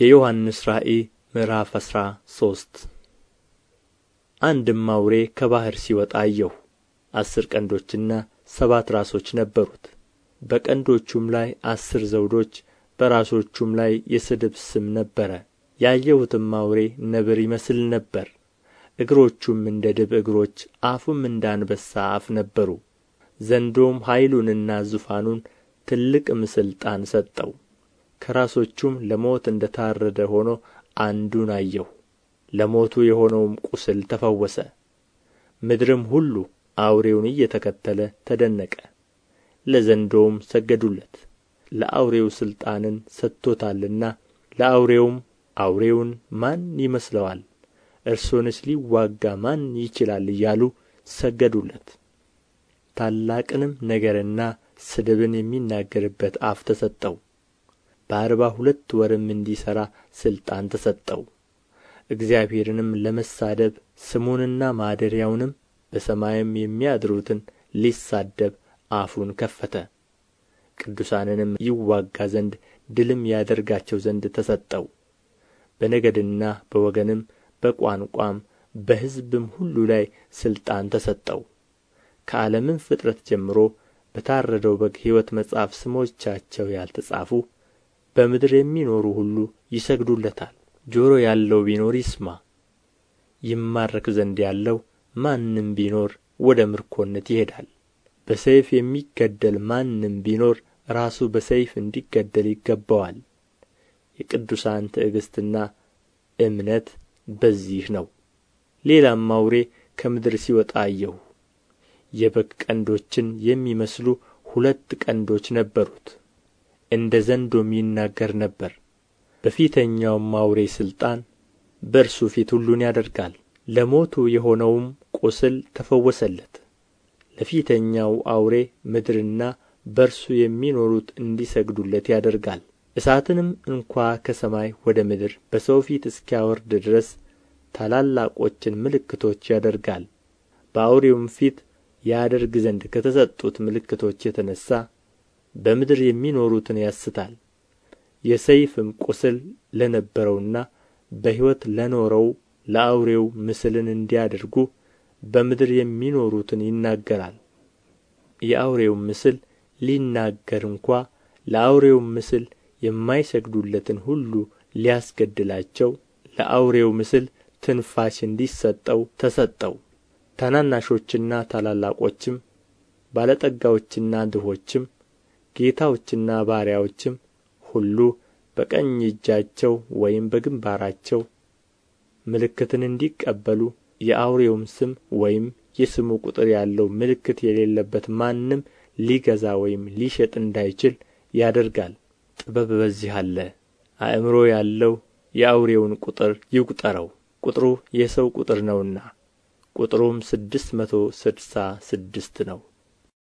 የዮሐንስ ራእይ ምዕራፍ አስራ ሶስት አንድም አውሬ ከባሕር ሲወጣ አየሁ አስር ቀንዶችና ሰባት ራሶች ነበሩት በቀንዶቹም ላይ አስር ዘውዶች በራሶቹም ላይ የስድብ ስም ነበረ ያየሁትም አውሬ ነብር ይመስል ነበር እግሮቹም እንደ ድብ እግሮች አፉም እንደ አንበሳ አፍ ነበሩ ዘንዶም ኃይሉንና ዙፋኑን ትልቅም ሥልጣን ሰጠው ከራሶቹም ለሞት እንደ ታረደ ሆኖ አንዱን አየሁ ለሞቱ የሆነውም ቍስል ተፈወሰ ምድርም ሁሉ አውሬውን እየተከተለ ተደነቀ ለዘንዶውም ሰገዱለት ለአውሬው ሥልጣንን ሰጥቶታልና ለአውሬውም አውሬውን ማን ይመስለዋል እርሱንስ ሊዋጋ ማን ይችላል እያሉ ሰገዱለት ታላቅንም ነገርና ስድብን የሚናገርበት አፍ ተሰጠው በአርባ ሁለት ወርም እንዲሠራ ሥልጣን ተሰጠው እግዚአብሔርንም ለመሳደብ ስሙንና ማደሪያውንም በሰማይም የሚያድሩትን ሊሳደብ አፉን ከፈተ ቅዱሳንንም ይዋጋ ዘንድ ድልም ያደርጋቸው ዘንድ ተሰጠው በነገድና በወገንም በቋንቋም በሕዝብም ሁሉ ላይ ሥልጣን ተሰጠው ከዓለምም ፍጥረት ጀምሮ በታረደው በግ ሕይወት መጽሐፍ ስሞቻቸው ያልተጻፉ በምድር የሚኖሩ ሁሉ ይሰግዱለታል ጆሮ ያለው ቢኖር ይስማ ይማረክ ዘንድ ያለው ማንም ቢኖር ወደ ምርኮነት ይሄዳል በሰይፍ የሚገደል ማንም ቢኖር ራሱ በሰይፍ እንዲገደል ይገባዋል የቅዱሳን ትዕግሥትና እምነት በዚህ ነው ሌላም አውሬ ከምድር ሲወጣ አየሁ የበግ ቀንዶችን የሚመስሉ ሁለት ቀንዶች ነበሩት እንደ ዘንዶም ይናገር ነበር በፊተኛውም አውሬ ሥልጣን በእርሱ ፊት ሁሉን ያደርጋል ለሞቱ የሆነውም ቁስል ተፈወሰለት ለፊተኛው አውሬ ምድርና በእርሱ የሚኖሩት እንዲሰግዱለት ያደርጋል እሳትንም እንኳ ከሰማይ ወደ ምድር በሰው ፊት እስኪያወርድ ድረስ ታላላቆችን ምልክቶች ያደርጋል በአውሬውም ፊት ያደርግ ዘንድ ከተሰጡት ምልክቶች የተነሣ በምድር የሚኖሩትን ያስታል የሰይፍም ቁስል ለነበረውና በሕይወት ለኖረው ለአውሬው ምስልን እንዲያደርጉ በምድር የሚኖሩትን ይናገራል የአውሬውም ምስል ሊናገር እንኳ ለአውሬውም ምስል የማይሰግዱለትን ሁሉ ሊያስገድላቸው ለአውሬው ምስል ትንፋሽ እንዲሰጠው ተሰጠው። ታናናሾችና ታላላቆችም ባለጠጋዎችና ድሆችም ጌታዎችና ባሪያዎችም ሁሉ በቀኝ እጃቸው ወይም በግምባራቸው ምልክትን እንዲቀበሉ የአውሬውም ስም ወይም የስሙ ቁጥር ያለው ምልክት የሌለበት ማንም ሊገዛ ወይም ሊሸጥ እንዳይችል ያደርጋል ጥበብ በዚህ አለ አእምሮ ያለው የአውሬውን ቁጥር ይቁጠረው ቁጥሩ የሰው ቁጥር ነውና ቁጥሩም ስድስት መቶ ስድሳ ስድስት ነው